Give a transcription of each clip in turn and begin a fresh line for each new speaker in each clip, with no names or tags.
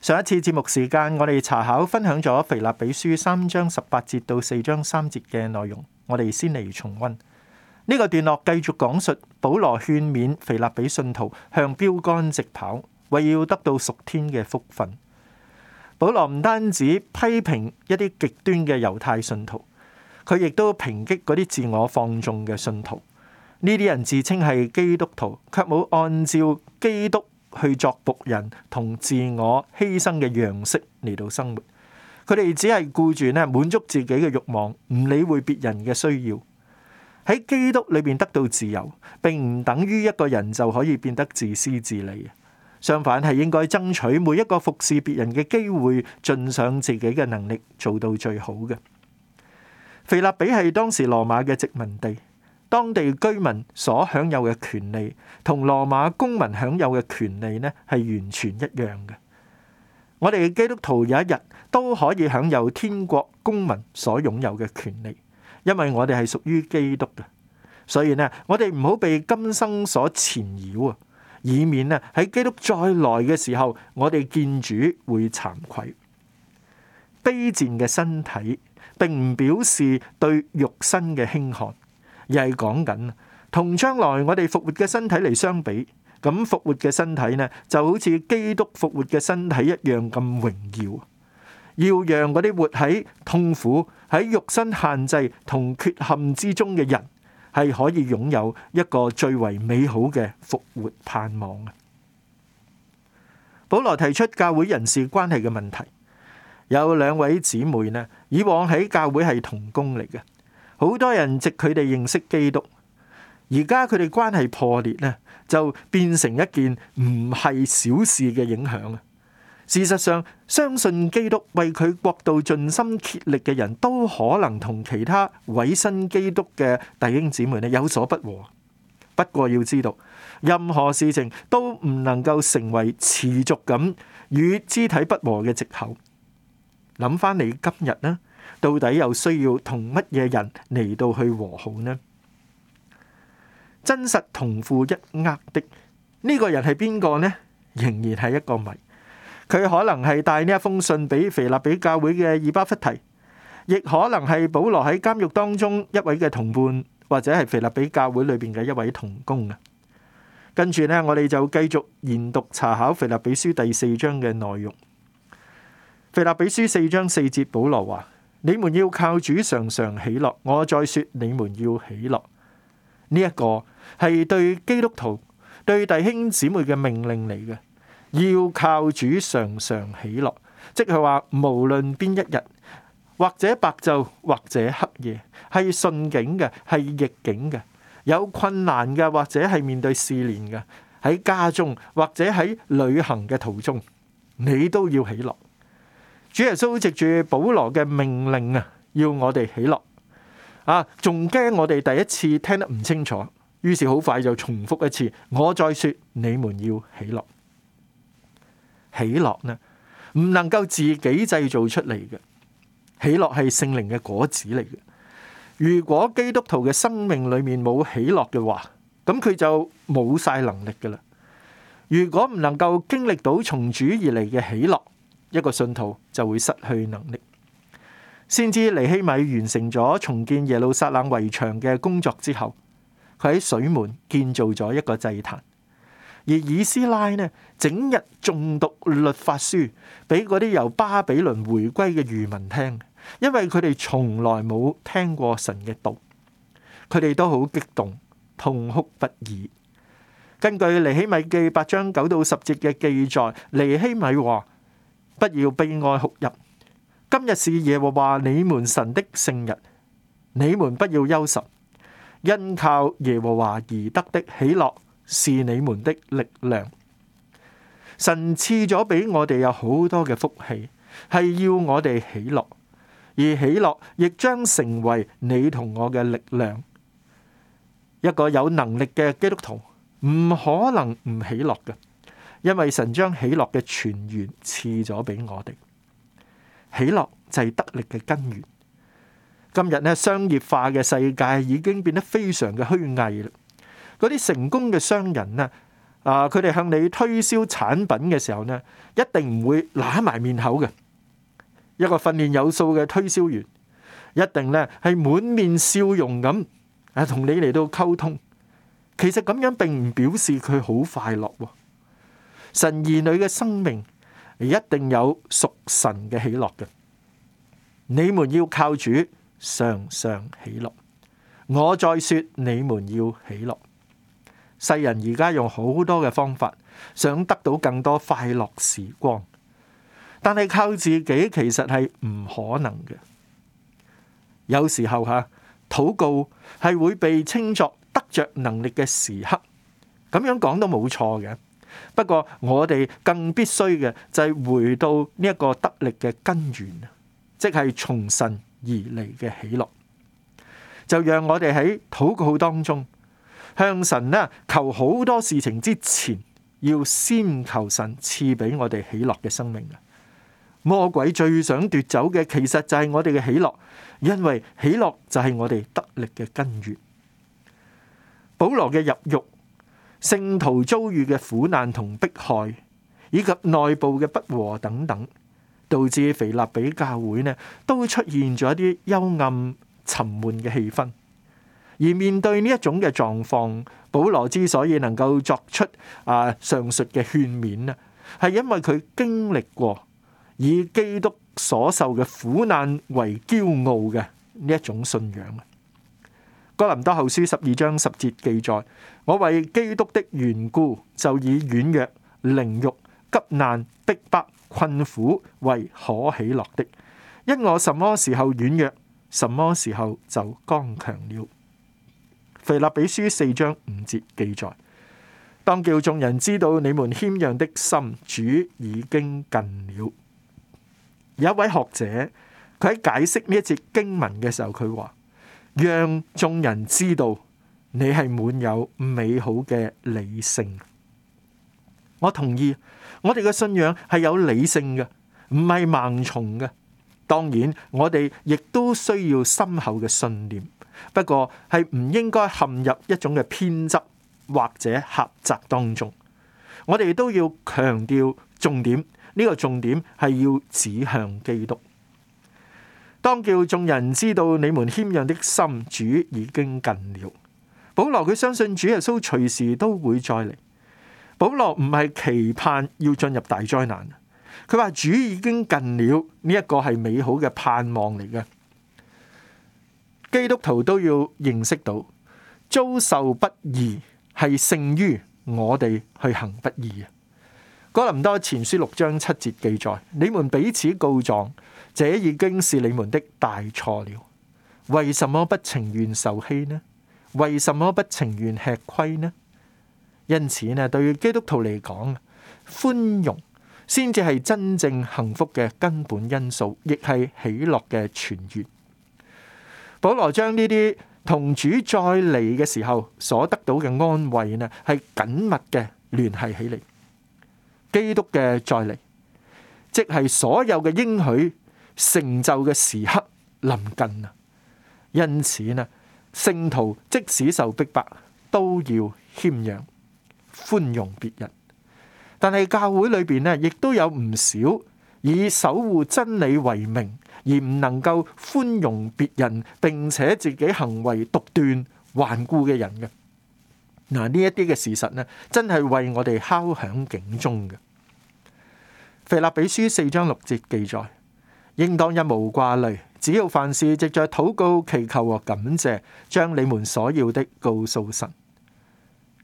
上一次節目時間，我哋查考分享咗腓立比書三章十八節到四章三節嘅內容，我哋先嚟重溫呢個段落。繼續講述保羅勸勉腓立比信徒向標杆直跑，為要得到屬天嘅福分。保羅唔單止批評一啲極端嘅猶太信徒，佢亦都抨擊嗰啲自我放縱嘅信徒。呢啲人自稱係基督徒，卻冇按照基督。去作僕人同自我犧牲嘅樣式嚟到生活，佢哋只係顧住咧滿足自己嘅慾望，唔理會別人嘅需要。喺基督裏邊得到自由，並唔等於一個人就可以變得自私自利。相反係應該爭取每一個服侍別人嘅機會，盡上自己嘅能力做到最好嘅。腓立比係當時羅馬嘅殖民地。當地居民所享有嘅權利，同羅馬公民享有嘅權利呢，係完全一樣嘅。我哋基督徒有一日都可以享有天國公民所擁有嘅權利，因為我哋係屬於基督嘅。所以呢，我哋唔好被今生所纏繞啊，以免呢喺基督再來嘅時候，我哋見主會慚愧。卑賤嘅身體並唔表示對肉身嘅輕看。又係講緊，同將來我哋復活嘅身體嚟相比，咁復活嘅身體呢，就好似基督復活嘅身體一樣咁榮耀。要讓嗰啲活喺痛苦、喺肉身限制同缺陷之中嘅人，係可以擁有一個最為美好嘅復活盼望啊！保羅提出教會人事關係嘅問題，有兩位姊妹呢，以往喺教會係同工嚟嘅。好多人藉佢哋認識基督，而家佢哋關係破裂咧，就變成一件唔係小事嘅影響。事實上，相信基督為佢國度盡心竭力嘅人，都可能同其他委身基督嘅弟兄姊妹有所不和。不過要知道，任何事情都唔能夠成為持續咁與肢體不和嘅藉口。諗返你今日呢？到底又需要同乜嘢人嚟到去和好呢？真實同負一軛的呢個人係邊個呢？仍然係一個謎。佢可能係帶呢一封信俾腓立比教會嘅以巴弗提，亦可能係保羅喺監獄當中一位嘅同伴，或者係腓立比教會裏邊嘅一位同工啊。跟住呢，我哋就繼續研讀查考腓立比書第四章嘅內容。腓立比書四章四節，保羅話。你們要靠主常常喜樂，我再說，你們要喜樂。呢一個係對基督徒、對弟兄姊妹嘅命令嚟嘅，要靠主常常喜樂，即係話，無論邊一日，或者白晝，或者黑夜，係順境嘅，係逆境嘅，有困難嘅，或者係面對試煉嘅，喺家中，或者喺旅行嘅途中，你都要喜樂。主耶穌藉住保羅嘅命令啊，要我哋喜樂啊，仲驚我哋第一次聽得唔清楚，於是好快就重複一次。我再說，你們要喜樂。喜樂呢，唔能夠自己製造出嚟嘅，喜樂係聖靈嘅果子嚟嘅。如果基督徒嘅生命裏面冇喜樂嘅話，咁佢就冇晒能力噶啦。如果唔能夠經歷到從主而嚟嘅喜樂。一個信徒就會失去能力。先知尼希米完成咗重建耶路撒冷圍牆嘅工作之後，佢喺水門建造咗一個祭壇，而以斯拉呢，整日誦讀律法書，俾嗰啲由巴比倫回歸嘅漁民聽，因為佢哋從來冇聽過神嘅道，佢哋都好激動，痛哭不已。根據尼希米記八章九到十節嘅記載，尼希米話。不要悲哀哭泣。今日是耶和華你們神的聖日，你們不要憂愁。因靠耶和華而得的喜樂是你們的力量。神賜咗俾我哋有好多嘅福氣，係要我哋喜樂，而喜樂亦將成為你同我嘅力量。一個有能力嘅基督徒唔可能唔喜樂嘅。因為神將喜樂嘅泉源賜咗俾我哋，喜樂就係得力嘅根源。今日咧，商業化嘅世界已經變得非常嘅虛偽啦。嗰啲成功嘅商人咧，啊，佢哋向你推銷產品嘅時候咧，一定唔會揦埋面口嘅。一個訓練有素嘅推銷員，一定咧係滿面笑容咁誒，同、啊、你嚟到溝通。其實咁樣並唔表示佢好快樂。哦。神兒女嘅生命一定有屬神嘅喜樂嘅，你們要靠主常常喜樂。我再說，你們要喜樂。世人而家用好多嘅方法想得到更多快樂時光，但係靠自己其實係唔可能嘅。有時候吓禱告係會被稱作得着能力嘅時刻，咁樣講都冇錯嘅。不過我哋更必須嘅就係回到呢一個得力嘅根源，即係從神而嚟嘅喜樂。就讓我哋喺禱告當中向神咧求好多事情之前，要先求神賜俾我哋喜樂嘅生命啊！魔鬼最想奪走嘅其實就係我哋嘅喜樂，因為喜樂就係我哋得力嘅根源。保羅嘅入獄，聖徒遭遇嘅苦難同迫害，以及內部嘅不和等等，導致腓立比教會呢都出現咗一啲幽暗沉悶嘅氣氛。而面對呢一種嘅狀況，保羅之所以能夠作出啊上述嘅勸勉呢，係因為佢經歷過以基督所受嘅苦難為驕傲嘅呢一種信仰哥林多後書十二章十節記載：我為基督的緣故，就以軟弱、凌辱、急難、逼迫、困苦為可喜樂的，因我什麼時候軟弱，什麼時候就剛強了。腓立比書四章五節記載：當叫眾人知道你們謙讓的心，主已經近了。有一位學者，佢喺解釋呢一節經文嘅時候，佢話。讓眾人知道你係滿有美好嘅理性。我同意，我哋嘅信仰係有理性嘅，唔係盲從嘅。當然，我哋亦都需要深厚嘅信念，不過係唔應該陷入一種嘅偏執或者狹窄當中。我哋都要強調重點，呢個重點係要指向基督。當叫眾人知道你們謙讓的心，主已經近了。保羅佢相信主耶穌隨時都會再嚟。保羅唔係期盼要進入大災難，佢話主已經近了，呢一個係美好嘅盼望嚟嘅。基督徒都要認識到遭受不義係勝於我哋去行不義。哥林多前書六章七節記載：你們彼此告狀，這已經是你們的大錯了。為什麼不情願受欺呢？為什麼不情願吃虧呢？因此呢，對於基督徒嚟講，寬容先至係真正幸福嘅根本因素，亦係喜樂嘅泉源。保羅將呢啲同主再嚟嘅時候所得到嘅安慰呢，係緊密嘅聯繫起嚟。基督嘅再嚟，即係所有嘅應許成就嘅時刻臨近啊！因此呢，聖徒即使受逼迫，都要謙讓寬容別人。但係教會裏邊呢，亦都有唔少以守護真理為名，而唔能夠寬容別人，並且自己行為獨斷頑固嘅人嘅。嗱，呢一啲嘅事實咧，真係為我哋敲響警鐘嘅。腓立比書四章六節記載：應當一無掛慮，只要凡事藉著禱告、祈求和感謝，將你們所要的告訴神。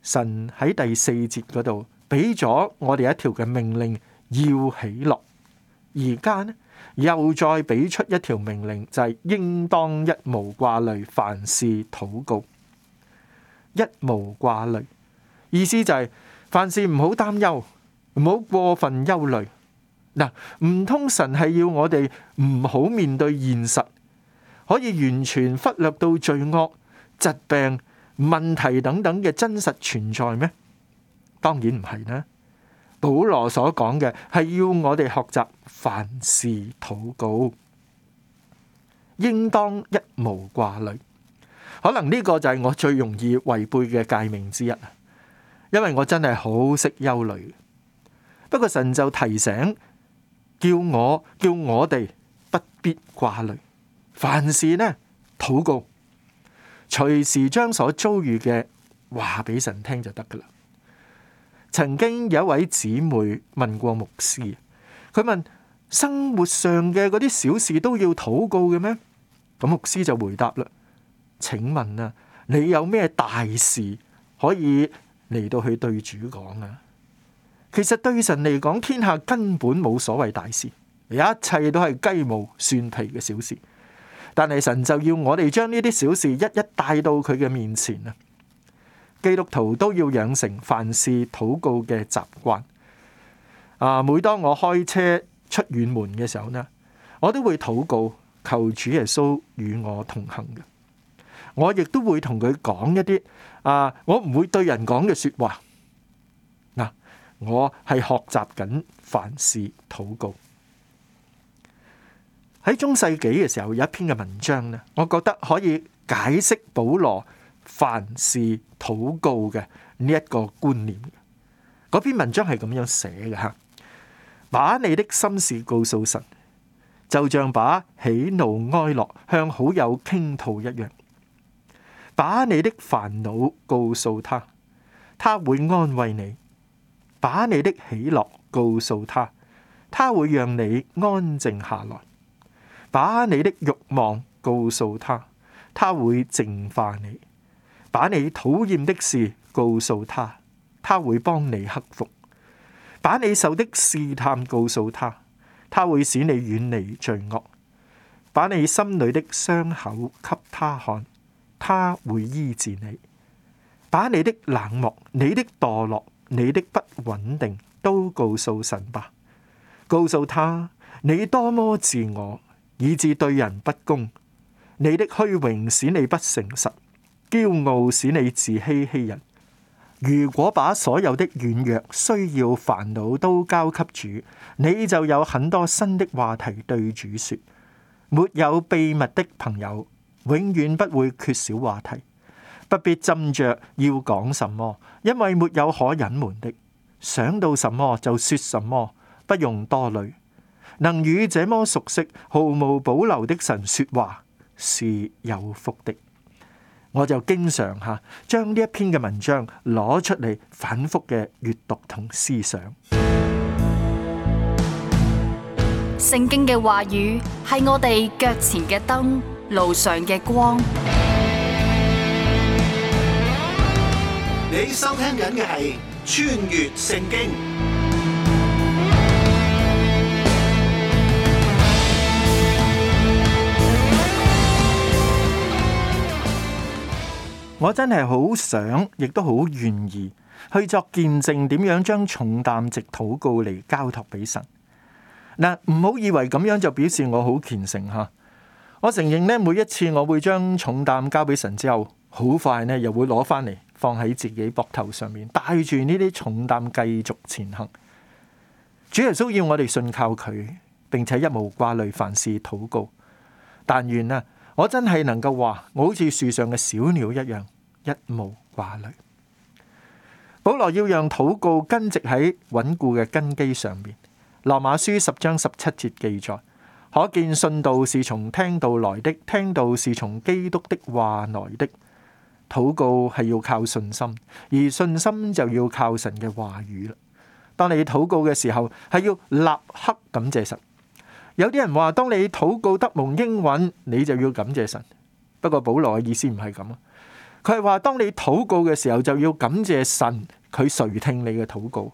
神喺第四節嗰度俾咗我哋一條嘅命令，要喜樂。而家咧又再俾出一條命令，就係應當一無掛慮，凡事禱告。一無掛慮，意思就係凡事唔好擔憂，唔好過分憂慮。嗱，唔通神係要我哋唔好面對現實，可以完全忽略到罪惡、疾病、問題等等嘅真實存在咩？當然唔係啦。保羅所講嘅係要我哋學習凡事禱告，應當一無掛慮。可能呢個就係我最容易違背嘅誡命之一，因為我真係好識憂慮。不過神就提醒，叫我叫我哋不必掛慮，凡事呢禱告，隨時將所遭遇嘅話俾神聽就得噶啦。曾經有一位姊妹問過牧師，佢問，生活上嘅嗰啲小事都要禱告嘅咩？咁牧師就回答啦。請問啊，你有咩大事可以嚟到去對主講啊？其實對神嚟講，天下根本冇所謂大事，一切都係雞毛蒜皮嘅小事。但係神就要我哋將呢啲小事一一帶到佢嘅面前啊！基督徒都要養成凡事禱告嘅習慣啊！每當我開車出遠門嘅時候呢，我都會禱告，求主耶穌與我同行嘅。我亦都會同佢講一啲啊，我唔會對人講嘅說話。嗱，我係學習緊凡事禱告。喺中世紀嘅時候，有一篇嘅文章咧，我覺得可以解釋保羅凡事禱告嘅呢一個觀念。嗰篇文章係咁樣寫嘅吓，把你的心事告訴神，就像把喜怒哀樂向好友傾吐一樣。把你的煩惱告訴他，他會安慰你；把你的喜樂告訴他，他會讓你安靜下來；把你的欲望告訴他，他會淨化你；把你討厭的事告訴他，他會幫你克服；把你受的試探告訴他，他會使你遠離罪惡；把你心裏的傷口給他看。他會醫治你，把你的冷漠、你的墮落、你的不穩定都告訴神吧，告訴他你多麼自我，以致對人不公，你的虛榮使你不誠實，驕傲使你自欺欺人。如果把所有的軟弱、需要、煩惱都交給主，你就有很多新的話題對主說，沒有秘密的朋友。永遠不會缺少話題，不必斟酌要講什麼，因為沒有可隱瞞的。想到什麼就說什麼，不用多慮。能與這麼熟悉、毫無保留的神說話是有福的。我就經常吓將呢一篇嘅文章攞出嚟，反覆嘅閱讀同思想。聖經嘅話語係我哋腳前嘅燈路上嘅光，你收聽緊嘅係穿越聖經。我真係好想，亦都好願意去作見證，點樣將重擔藉禱告嚟交託俾神。嗱，唔好以為咁樣就表示我好虔誠吓。我承認咧，每一次我會將重擔交俾神之後，好快咧又會攞翻嚟放喺自己膊頭上面，帶住呢啲重擔繼續前行。主耶穌要我哋信靠佢，並且一無掛慮，凡事禱告。但願啊，我真係能夠話，我好似樹上嘅小鳥一樣，一無掛慮。保羅要讓禱告根植喺穩固嘅根基上面。羅馬書十章十七節記載。可見信道是從聽道來的，聽道是從基督的話來的。禱告係要靠信心，而信心就要靠神嘅話語啦。當你禱告嘅時候，係要立刻感謝神。有啲人話，當你禱告得蒙應允，你就要感謝神。不過保羅嘅意思唔係咁啊，佢係話當你禱告嘅時候就要感謝神，佢垂聽你嘅禱告。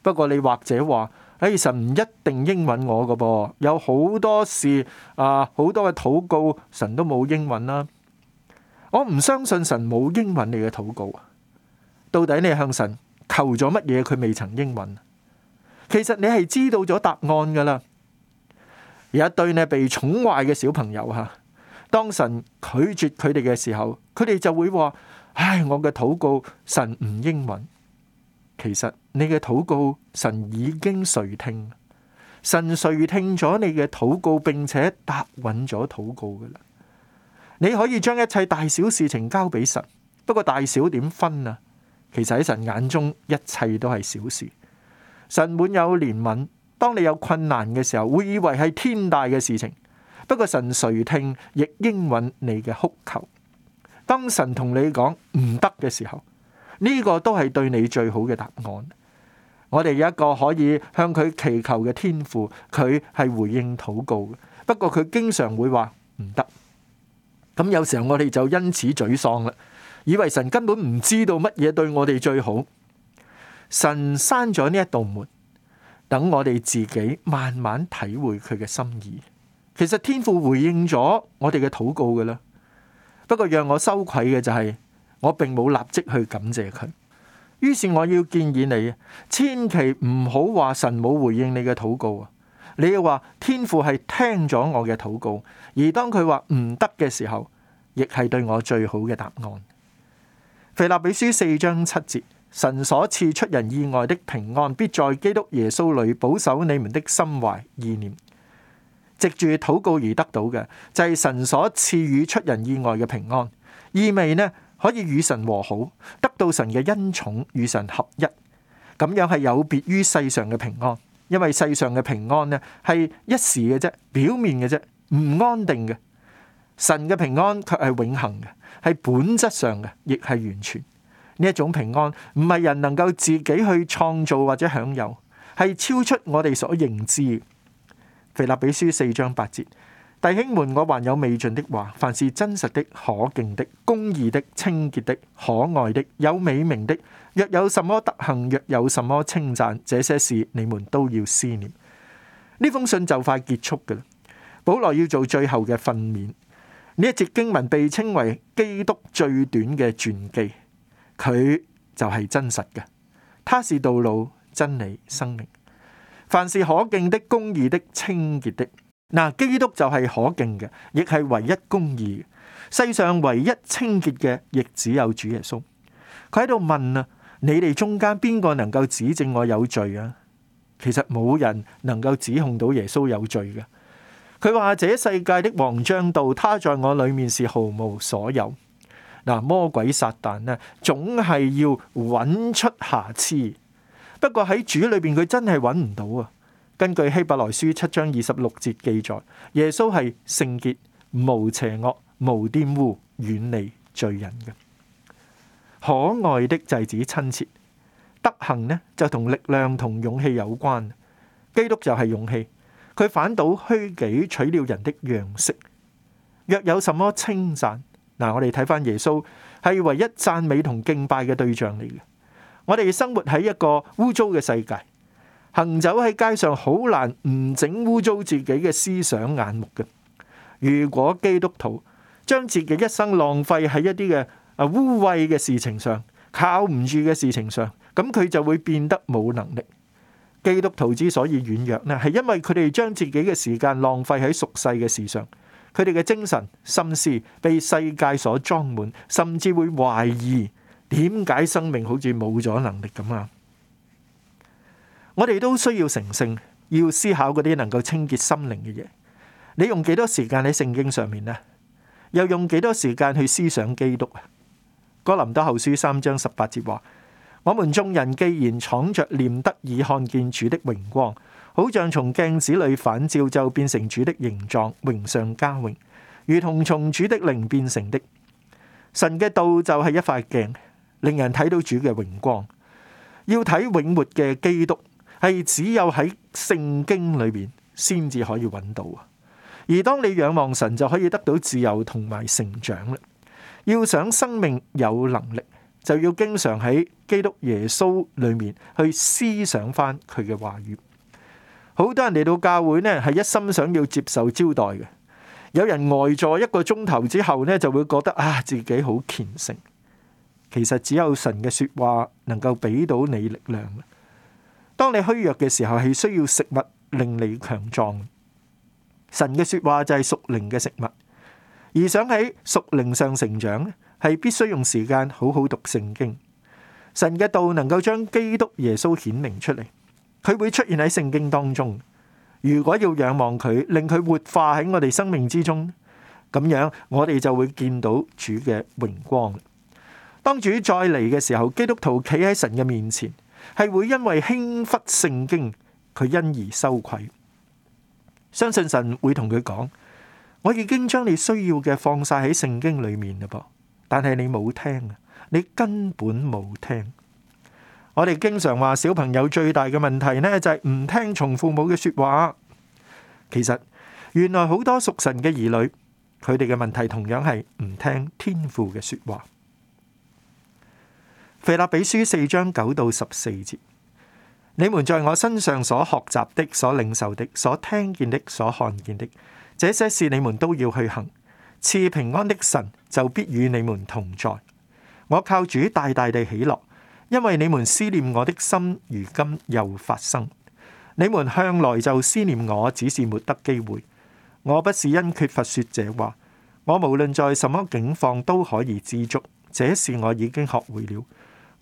不過你或者話。哎，神唔一定應允我噶噃，有好多事啊，好多嘅禱告神都冇應允啦。我唔相信神冇應允你嘅禱告。到底你向神求咗乜嘢，佢未曾應允。其實你係知道咗答案噶啦。有一堆呢被寵壞嘅小朋友吓，當神拒絕佢哋嘅時候，佢哋就會話：哎，我嘅禱告神唔應允。其實你嘅禱告，神已經垂聽，神垂聽咗你嘅禱告，並且答允咗禱告嘅啦。你可以將一切大小事情交俾神，不過大小點分啊？其實喺神眼中，一切都係小事。神滿有憐憫，當你有困難嘅時候，會以為係天大嘅事情。不過神垂聽，亦應允你嘅哭求。當神同你講唔得嘅時候，呢個都係對你最好嘅答案。我哋有一個可以向佢祈求嘅天父，佢係回應禱告嘅。不過佢經常會話唔得。咁有時候我哋就因此沮喪啦，以為神根本唔知道乜嘢對我哋最好。神閂咗呢一道門，等我哋自己慢慢體會佢嘅心意。其實天父回應咗我哋嘅禱告㗎啦。不過讓我羞愧嘅就係，我並冇立即去感謝佢，於是我要建議你，千祈唔好話神冇回應你嘅禱告啊。你要話天父係聽咗我嘅禱告，而當佢話唔得嘅時候，亦係對我最好嘅答案。腓立比書四章七節，神所賜出人意外的平安，必在基督耶穌裏保守你們的心懷意念。藉住禱告而得到嘅就係神所賜予出人意外嘅平安，意味呢？可以與神和好，得到神嘅恩寵，與神合一，咁樣係有別於世上嘅平安，因為世上嘅平安呢係一時嘅啫，表面嘅啫，唔安定嘅。神嘅平安卻係永恒嘅，係本質上嘅，亦係完全。呢一種平安，唔係人能夠自己去創造或者享有，係超出我哋所認知嘅。腓立比書四章八節。弟兄們，我還有未盡的話。凡是真實的、可敬的、公義的、清潔的、可愛的、有美名的，若有什麼德行，若有什麼稱讚，這些事你們都要思念。呢封信就快結束㗎喇。保羅要做最後嘅訓勉。呢一節經文被稱為基督最短嘅傳記，佢就係真實嘅，它是道路、真理、生命。凡是可敬的、公義的、清潔的。嗱，基督就係可敬嘅，亦係唯一公義，世上唯一清潔嘅，亦只有主耶穌。佢喺度問啊，你哋中間邊個能夠指證我有罪啊？其實冇人能夠指控到耶穌有罪嘅。佢話：這世界的王將到，他在我裏面是毫無所有。嗱，魔鬼撒旦呢，總係要揾出瑕疵，不過喺主裏邊，佢真係揾唔到啊。根據希伯來書七章二十六節記載，耶穌係聖潔、無邪惡、無玷污、遠離罪人嘅。可愛的就係指親切，德行呢，就同力量同勇氣有關。基督就係勇氣，佢反倒虛己，取了人的樣式。若有什麼稱讚，嗱，我哋睇翻耶穌係唯一讚美同敬拜嘅對象嚟嘅。我哋生活喺一個污糟嘅世界。行走喺街上，好難唔整污糟自己嘅思想眼目嘅。如果基督徒將自己一生浪費喺一啲嘅啊污穢嘅事情上，靠唔住嘅事情上，咁佢就會變得冇能力。基督徒之所以軟弱呢，係因為佢哋將自己嘅時間浪費喺俗世嘅事上，佢哋嘅精神心思被世界所裝滿，甚至會懷疑點解生命好似冇咗能力咁啊！我哋都需要成聖，要思考嗰啲能夠清潔心靈嘅嘢。你用幾多時間喺聖經上面呢？又用幾多時間去思想基督啊？哥林多後書三章十八節話：我們眾人既然敞著臉得以看見主的榮光，好像從鏡子裏反照，就變成主的形狀，榮上加榮，如同從主的靈變成的。神嘅道就係一塊鏡，令人睇到主嘅榮光，要睇永活嘅基督。係只有喺聖經裏面先至可以搵到啊！而當你仰望神，就可以得到自由同埋成長啦。要想生命有能力，就要經常喺基督耶穌裏面去思想翻佢嘅話語。好多人嚟到教會呢，係一心想要接受招待嘅。有人呆坐一個鐘頭之後呢，就會覺得啊，自己好虔誠。其實只有神嘅說話能夠俾到你力量啊！當你虛弱嘅時候，係需要食物令你強壯。神嘅說話就係屬靈嘅食物，而想喺屬靈上成長，係必須用時間好好讀聖經。神嘅道能夠將基督耶穌顯明出嚟，佢會出現喺聖經當中。如果要仰望佢，令佢活化喺我哋生命之中，咁樣我哋就會見到主嘅榮光。當主再嚟嘅時候，基督徒企喺神嘅面前。係會因為輕忽聖經，佢因而羞愧。相信神會同佢講：我已經將你需要嘅放晒喺聖經裏面嘞噃。但係你冇聽啊，你根本冇聽。我哋經常話小朋友最大嘅問題呢，就係唔聽從父母嘅說話。其實原來好多屬神嘅兒女，佢哋嘅問題同樣係唔聽天父嘅說話。腓立比書四章九到十四節，你們在我身上所學習的、所領受的、所聽見的、所看見的，這些事你們都要去行。賜平安的神就必與你們同在。我靠主大大地喜樂，因為你們思念我的心，如今又發生。你們向來就思念我，只是沒得機會。我不是因缺乏說這話，我無論在什麼境況都可以知足，這是我已經學會了。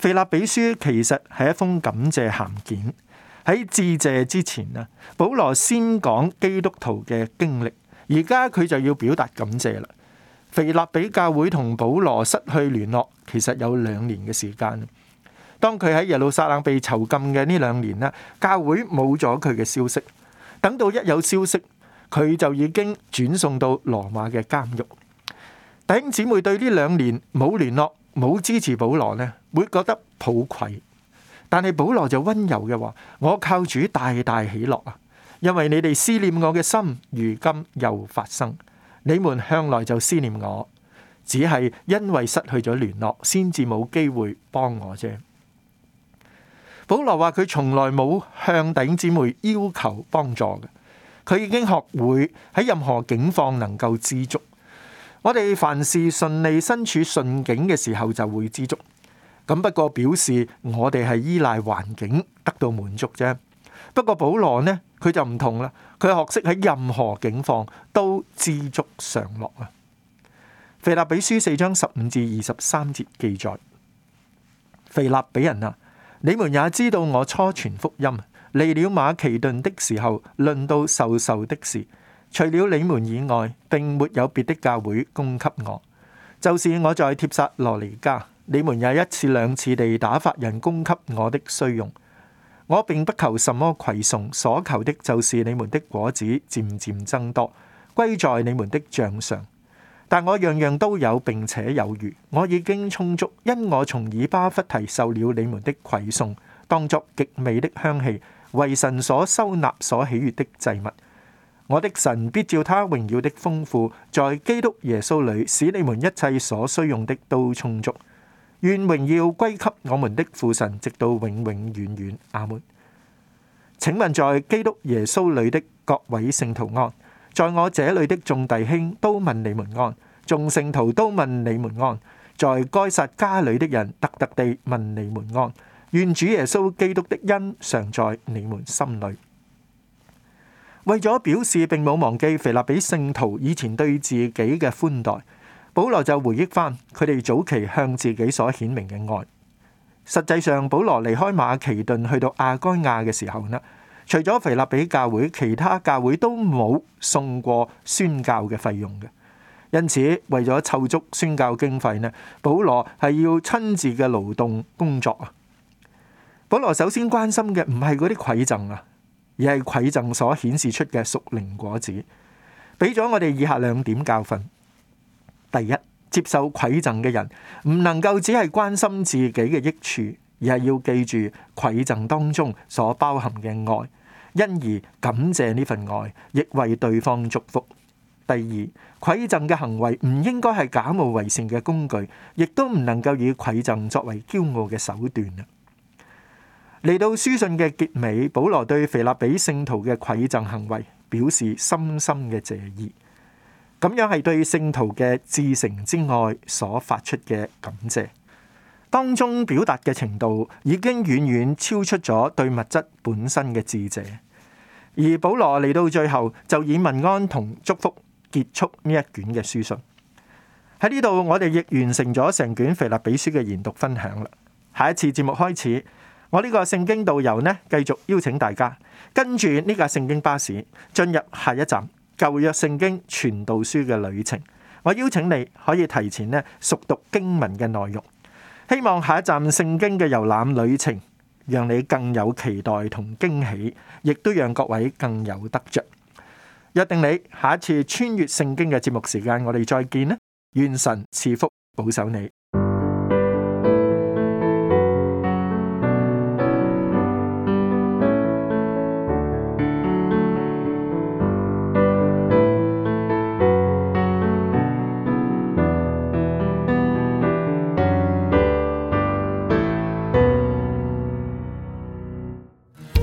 腓立比書其實係一封感謝函件。喺致謝之前啊，保羅先講基督徒嘅經歷。而家佢就要表達感謝啦。腓立比教會同保羅失去聯絡，其實有兩年嘅時間。當佢喺耶路撒冷被囚禁嘅呢兩年啦，教會冇咗佢嘅消息。等到一有消息，佢就已經轉送到羅馬嘅監獄。弟兄姊妹，對呢兩年冇聯絡、冇支持保羅呢。會覺得抱愧，但係保羅就温柔嘅話，我靠主大大喜樂啊！因為你哋思念我嘅心如今又發生，你們向來就思念我，只係因為失去咗聯絡，先至冇機會幫我啫。保羅話佢從來冇向弟兄姊妹要求幫助嘅，佢已經學會喺任何境況能夠知足。我哋凡事順利身處順境嘅時候，就會知足。咁不過表示我哋係依賴環境得到滿足啫。不過保羅呢，佢就唔同啦。佢學識喺任何境況都知足常樂啊。腓立比書四章十五至二十三節記載：腓立比人啊，你們也知道我初傳福音，離了馬其頓的時候，論到授受的事，除了你們以外，並沒有別的教會供給我，就是我在帖撒羅尼迦。你們也一次兩次地打發人供給我的需用，我並不求什麼饋送，所求的就是你們的果子漸漸增多，歸在你們的帳上。但我樣樣都有並且有餘，我已經充足，因我從以巴弗提受了你們的饋送，當作極美的香氣，為神所收納所喜悅的祭物。我的神必照他榮耀的豐富，在基督耶穌裏，使你們一切所需用的都充足。願榮耀歸給我們的父神，直到永永遠遠。阿門。請問在基督耶穌裏的各位聖徒安，在我這裏的眾弟兄都問你們安，眾聖徒都問你們安，在該撒家裏的人特特地問你們安。願主耶穌基督的恩常在你們心裏。為咗表示並冇忘記腓立比聖徒以前對自己嘅寬待。保羅就回憶翻佢哋早期向自己所顯明嘅愛。實際上，保羅離開馬其頓去到亞該亞嘅時候呢，除咗腓立比教會，其他教會都冇送過宣教嘅費用嘅。因此，為咗湊足宣教經費呢，保羅係要親自嘅勞動工作啊。保羅首先關心嘅唔係嗰啲饋贈啊，而係饋贈所顯示出嘅屬靈果子，俾咗我哋以下兩點教訓。第一，接受饋贈嘅人唔能夠只係關心自己嘅益處，而係要記住饋贈當中所包含嘅愛，因而感謝呢份愛，亦為對方祝福。第二，饋贈嘅行為唔應該係假冒為善嘅工具，亦都唔能夠以饋贈作為驕傲嘅手段啊！嚟到書信嘅結尾，保羅對腓立比聖徒嘅饋贈行為表示深深嘅謝意。咁樣係對聖徒嘅至誠之愛所發出嘅感謝，當中表達嘅程度已經遠遠超出咗對物質本身嘅致謝。而保羅嚟到最後就以問安同祝福結束呢一卷嘅書信。喺呢度，我哋亦完成咗成卷腓立比書嘅研讀分享啦。下一次節目開始，我呢個聖經導遊呢，繼續邀請大家跟住呢架聖經巴士進入下一站。舊約聖經傳道書嘅旅程，我邀請你可以提前呢熟讀經文嘅內容，希望下一站聖經嘅遊覽旅程，讓你更有期待同驚喜，亦都讓各位更有得着。約定你下一次穿越聖經嘅節目時間，我哋再見啦！願神賜福保守你。